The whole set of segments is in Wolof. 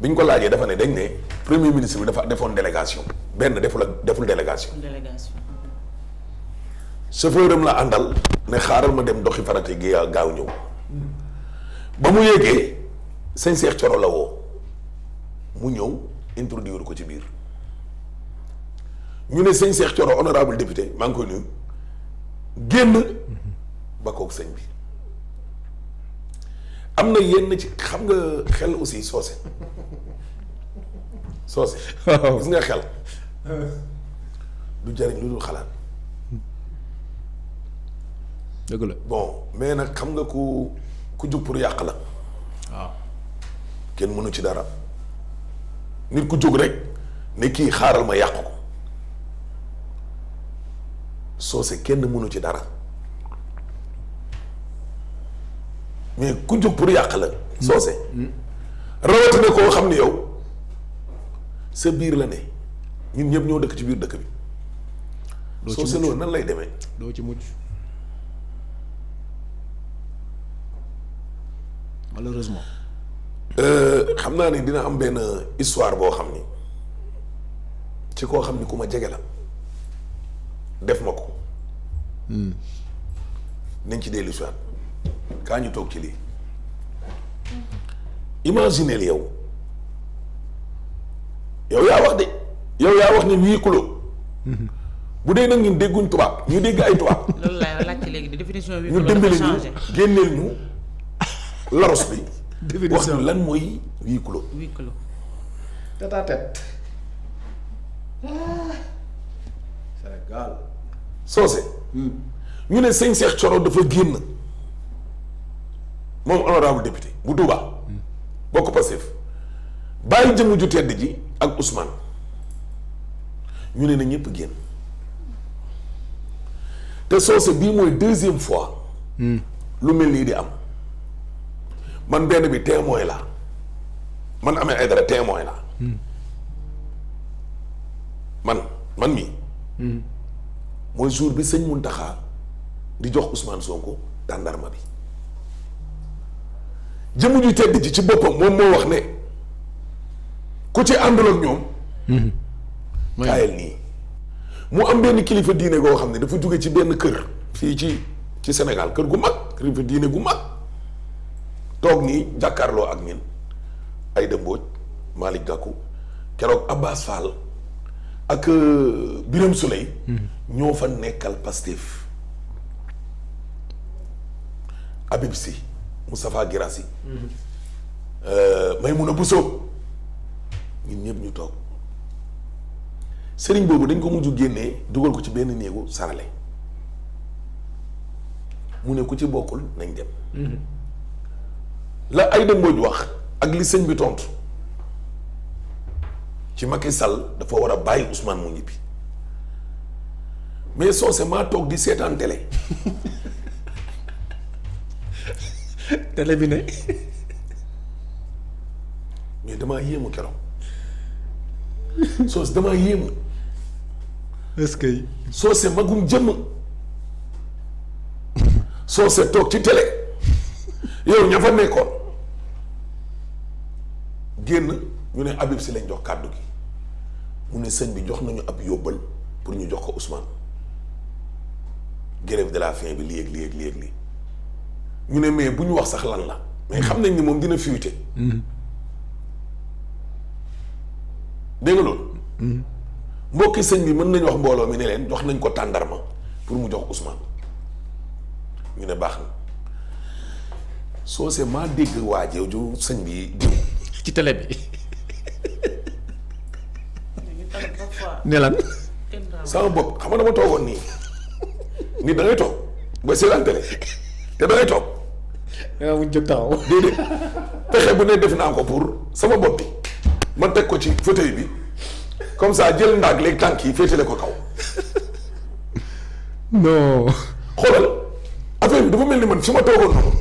bi ñu ko laajee dafa ne dañ ne premier ministre bi dafa defoon délégation benn deful ak deful délégation. délégation. chauffeuram la àndal ne xaaral ma dem doxi farate gi gaaw ñëw ba mu yéegee sëñ Seex Coro la woo mu ñëw introduire ko ci biir ñu ne sëñ Seex Coro honorable député maa ngi koy nuyu génn ba kook sëñ bi. am na yenn ci xam nga xel aussi soose soose gis nga xel lu jariñ lu dul xalaat dëgg la bon mais nag xam nga ku ku jóg pour yàq la waaw kenn mënu ci dara nit ku jóg rek ne kii xaaral ma yàq ko soose kenn mënu ci dara mais ku pour yàq la soose rawatina koo xam ne yow sa biir la ne ñun ñëpp ñoo dëkk ci biir dëkk bi soose loolu nan lay demee loo ci mucc malheureusement euh, xam naa ni dina am benn histoire boo xam ni ci koo xam ni ku ma jege la def ma ko hmm. nañ ci dellu si kaa ñu toog ci lii imagineel yow yow yaa wax de yow yaa wax ne huis clos bu dee nag ñun dégguñ tubaab ñu dégg ay tubaab. loolu laa léegi définition huis clos ñu dimbali ñu génneel ñu laros bi. définition wax ñu lan mooy huis clos. huis clos. tête à soose. Hmm. ñu ne sëñ Cheikh Thioro dafa génn. moom honorable député bu Touba bokk Pastef bàyyi jëmm ju tedd ji ak Ousmane ñu ne na ñëpp génn te soose bii mooy deuxième fois lu mel nii di am man benn bi témoin la man amee ay dara témoin man man mii hmm. mooy jour bi sëñ Muntaxa di jox Ousmane Sonko tàndarma bi jëmu ñu tedd ji ci boppam moom moo wax ne ku ci àndul ak ñoom. Mhm. kaayal nii mu am benn kilifa diine goo xam ne dafa jóge ci benn kër fii ci ci Sénégal kër gu mag kilifa diine gu mag toog nii jàkkaarloo ak ñun Aïda Mbodj Malick Gakou keroog Abbas Fall ak euh, Birame Souley mhm. ñoo fa nekkal pastif Habib Sy Moustapha Guirassi. Mhm. Euh, Maymouna Bousso ñun ñëpp ñu toog sëriñ boobu dañ ko mujj génnee dugal ko ci benn néegu sarale mu ne ku ci bokkul nañ dem. Mhm. la Aïda Mbodj wax ak li sëñ bi tontu ci Macky Sall dafa war a bàyyi Ousmane mu ñibbi mais soose maa toog di seetaan télé télé bi ne. mais damaa yéemu keroog. soos damaa yéemu. est-ce que. soose magum jëmm. soose toog ci télé. yow ña fa nekkoon. génn ñu ne Habib si lañ jox kàddu gi. mu ne sëñ bi jox nañu ab yóbbal pour ñu jox ko Ousmane grève de la faim bi lii ak lii ak lii ñu ne mais bu ñu wax sax lan la mais xam nañ ni moom dina fuité. dégg nga mbokki sëñ bi mën nañu wax mbooloo mi ne leen jox nañ ko tàndarma pour mu jox Ousmane ñu ne baax na soo see maa dégg waa jooju sëñ bi diw. ci télé bi. ne lan. sama bopp xam nga dama toogoon nii. ni da ngay toog ba seetaan télé te da toog. yaa eh, ngi jóg taxaw. déedéet pexe bu ne def naa ko pour sama bopp bi ma teg ko ci fauteuil bi comme ça jël ndaag léegi tànk yi féetale ko kaw. non. xoolal affaire bi dafa mel ni man fi ma toogoon noonu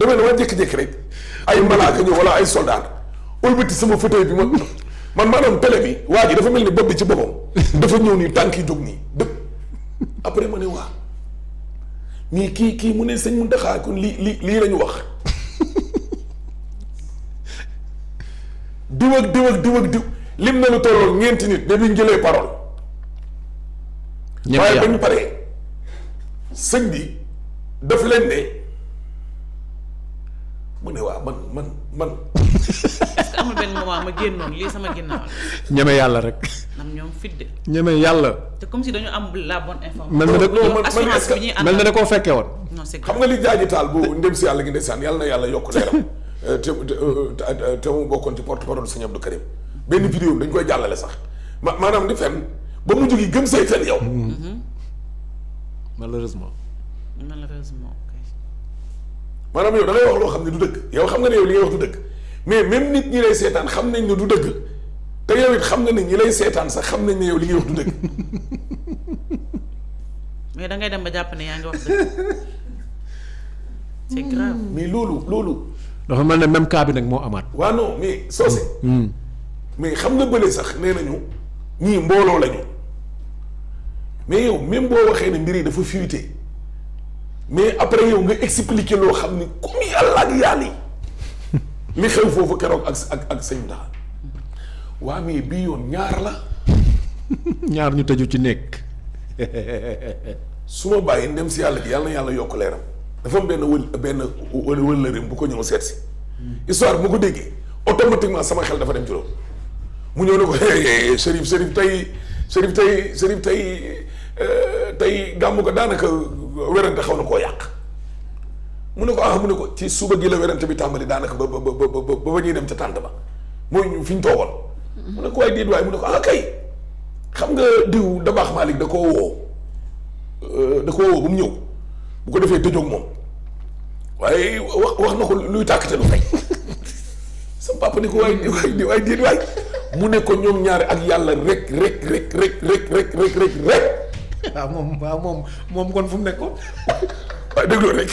dafa mel ni ma jékki-jékki rek ay malaaka ñëw wala ay soldat wëlbati sama fauteuil bi man man maanaam télé bi waa ji dafa mel ni bopp bi ci boppam dafa ñëw nii tànk yi jóg nii dëpp après ma ne waa. mais kii kii mu ne sëñ Mountakha kon lii lii lii la wax diw ak diw ak diw ak diw lim na lu tolloog ñeenti nit ne duñ jëlee parole. waaye ba ñu paree sëñ bi daf leen ne mu ne waa man man man. benn moment ma génnoon lii sama ginnaaw ñeme yàlla rek. nam ñoom fidde. ñeme yàlla. te comme si dañu am la bonne information. mel na da koo fekkee woon. xam nga li jaaji taal bu ndem si yàlla gi ndeysaan yàlla na yàlla yokk leeram eh, eh, te te mu bokkoon ci porte parole Sëñ Abdou Karim benn vidéo dañ koy jàllale sax ma maanaam di fen ba mu jógi gëm say fen yow. Mm-hmm. Mm-hmm. malheureusement. malheureusement. maanaam yow da ngay wax loo xam ne du dëgg yow xam nga ne yow li ngay wax du dëgg. mais même nit ñi lay seetaan xam nañ ne du dëgg te yow xam na ne ñi lay seetaan sax xam nañ ne yow li ngay du dëgg. mais da ngay dem ba jàpp ne yaa ngi wax dëgg. c'est hmm. grave. mais loolu loolu. dafa mel na même cas bi moo amaat. waaw non mais soose. Hmm. Hmm. mais xam nga bële sax nee nañu ñii mbooloo lañu mais yow même boo waxee ne mbir yi dafa fuité mais après yow nga expliqué loo xam ni comme yàlla ak yàlla yi mi xew foofu keroog ak ak ak sëñ ndaxa waa mais bii yoon ñaar la ñaar ñu tëju ci nekk su ma bàyyi ndem si yàlla gi yàlla yàlla yokk leeram dafa am benn wël benn wëllëreem bu ko ñëw seet si histoire bu ko déggee automatiquement sama xel dafa dem ci mu ñëw na ko Chérif Chérif tey Chérif tey Chérif tey euh, tey gàmmu ko daanaka werante xaw na koo yàq mu ne ko ah mu ne ko ci suba gi la werante bi tàmbali daanaka ba ba ba ba ba ñuy dem ca tànt ba mooy fi ñu toogoon. mu ne ko waaye déedwaay mu ne ko ah kay xam nga diw da baax Malick da koo woo euh, da koo woo ba mu ñëw bu ko defee tëjoog moom waaye wax wax na ko luy tàkk te du fay sama papa ni ko waay di waay di waay mu ne ko ñoom ñaari ak yàlla rek rek rek rek rek rek rek rek rek. waaw moom waaw moom moom kon fu mu nekkoon. waaye dégloo rek.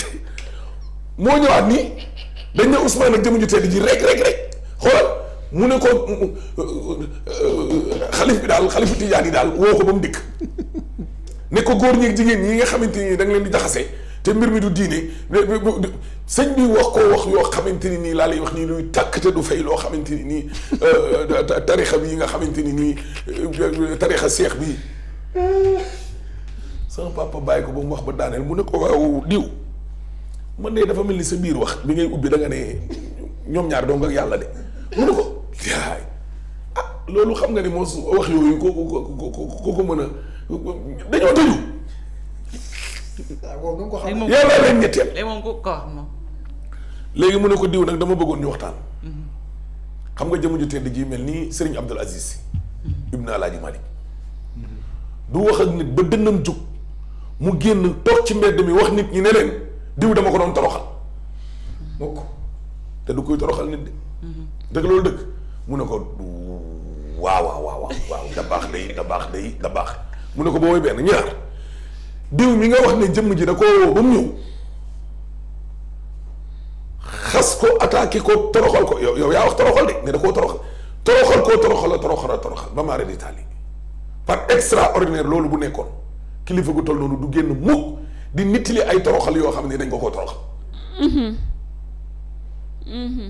moo ñëwaat nii dañ ne Ousmane nag jëmuñu tedd ji rek rek rek xoolal mu ne ko euh, xalif bi daal xalifu tijaan yi daal woo ko ba mu dikk ne ko góor ñeeg jigéen ñi nga xamante ni da leen di jaxase te mbir mi du diine sëñ bi wax ko wax yoo xamante ni nii laa wax nii luy tàkk du fay loo xamante ni nii euh, tarixa bi nga xamante ni nii euh, tarixa seex bi sama papa bàyyi ko ba mu wax ba daaneel mu ne ko aw diw man de dafa mel ni sa biir wax bi ngay ubbi danga nga ne ñoom ñaar dong ak yàlla de mënu ko yaay ah loolu xam nga ni moo su wax yooyu ko ko ko ko mën a dañoo tëju. waaw ah, ko xam ne yàlla leen léegi mu ne ko diw nag dama bëggoon ñu waxtaan. Mhm. xam nga jëmm ju tedd ji mel ni Serigne Abdoul Aziz. Mhm. Ibn Alaaji Malik mhm. du wax ak nit ba dënnam jug mu génn toog ci mbedd mi wax nit ñi ne leen. diw dama ko doon toroxal mukk te du koy toroxal nit de dëgg loolu dëgg mu ne ko waaw waaw waaw waaw da baax day da baax day da baax mu ne ko boobu benn ñaar diw mi nga wax ne jëmm ji da koo ba mu xas ko attaqué ko toroxal ko yow yow yaa wax toroxal de ne da koo toroxal toroxal koo toroxal a toroxal ba maa redi taali par extraordinaire loolu bu nekkoon kilifa gu toll noonu du génn mukk di nittili ay toroxal yoo xam ne dañ ko koo toroxal. Mm-hmm. Mm-hmm.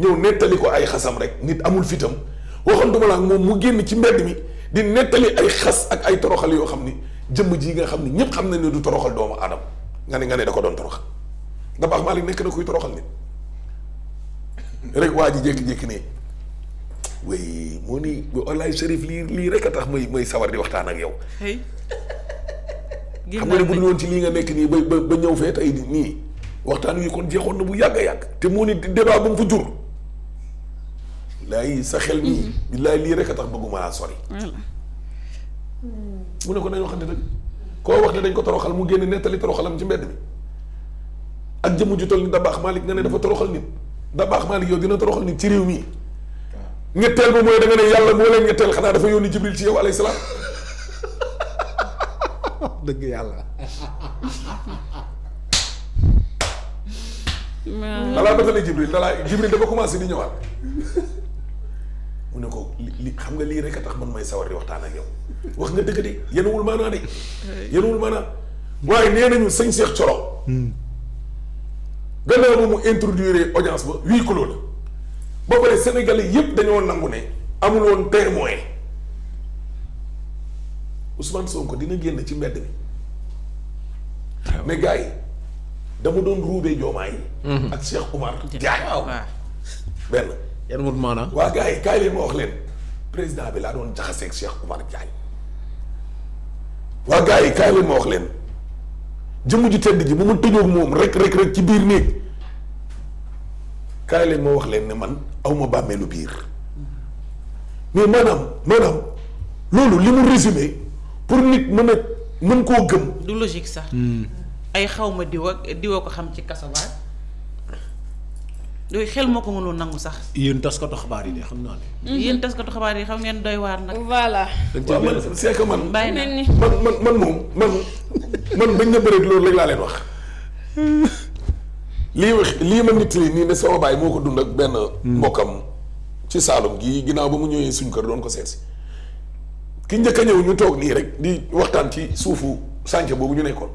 ñëw nettali ko ay xasam rek nit amul fitam waxantuma la ak moom mu génn ci mbedd mi di nettali ay xas ak ay toroxal yoo xam ni jëmm ji nga xam ni ñëpp xam nañ ne du toroxal doomu aadama nga ne nga ne da ko doon toroxal nga baax maa nekk na kuy toroxal nit rek waa ji jékki-jékki ne way moo ni wallaay Chérif lii lii rek a tax may may sawar di waxtaan ak yow. xam nga ne bu dul woon ci lii nga nekk nii ba ba ba ñëw fee tey nii waxtaan wi kon jeexoon na bu yàgg yàgg te moo ni débat ba mu fa jur laay sa xel nii mm-hmm. billaay lii rek a tax bëgguma laa sori mu ne ko nañ waxante dëgg wax ne dañ ko toroxal mu génn nettali toroxalam ci mbedd mi ak jëmm ju toll ni da baax Malick nga dafa toroxal nit da baax Malick yow dina toroxal nit ci réew mii ñetteel ba mooy da nga ne yàlla moo leen ñetteel xanaa dafa yónni Jibril ci yow alayhi salaam dëgg yàlla. dalaa batale Jibril dalaa Jibril dafa commencé di ñëwaat mu ne ko li xam nga lii rek a tax man may sawar di waxtaan ak yow wax nga dëgg de yenuwul maanaa de yenuwul maanaa waaye nee nañu sëñ Cheikh Thioro gannaaw ba mu introduire audience ba huis clos ba pare Sénégalais yépp dañoo nangu ne amul woon Ousmane Sonko dina génn ci mbedd mi. mais gars yi dama doon ruubee Diomaye mhm. ak Cheikh Oumar Diagne benn. waa gars kaay leen ma wax leen président bi laa doon jaxaseeg Cheikh Oumar Diagne. waa gars yi kaay jëmm ju tedd ji bu ma tëjoog moom rek rek ci biir néeg kaay leen ma wax leen ne man awma bàmmeelu biir mhm. mais maanaam maanaam loolu li mu résumé. pour nit mën a mën koo gëm. du logique sax. Hmm. ay xaw xawma diwa diwa ko xam ci kaso baag yooyu xel moo ko mënul nangu sax. yéen taskatu xabaar yi de xam naa ne. yéen mhm. taskatu xabaar yi xam ngeen doy waar nag. voilà. waaw man c'est que man. bàyyi na man man man moom man man bañ na bëreeg loolu rek laa leen wax. Hmm. lii wax lii ma nit lii nii ne sama baay moo ko dund ak benn hmm. mbokkam ci Saalum gii ginnaaw ba mu ñëwee suñ kër doon ko seet si ki njëkk a ñëw ñu toog lii rek di waxtaan ci suufu sànce boobu ñu nekkoon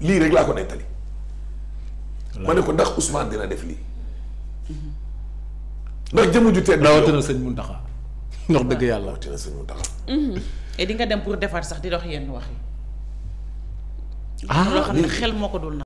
lii rek laa ko nettali ma ne ko ndax Ousmane dina def lii ndax jëmm ju tedd rawatina sëñ Mountakha ndox dëgg yàlla rawatina sëñ Mountakha mhm. et di nga dem pour defar sax di dox yenn wax yi ah. loo xam ne xel moo ko dul na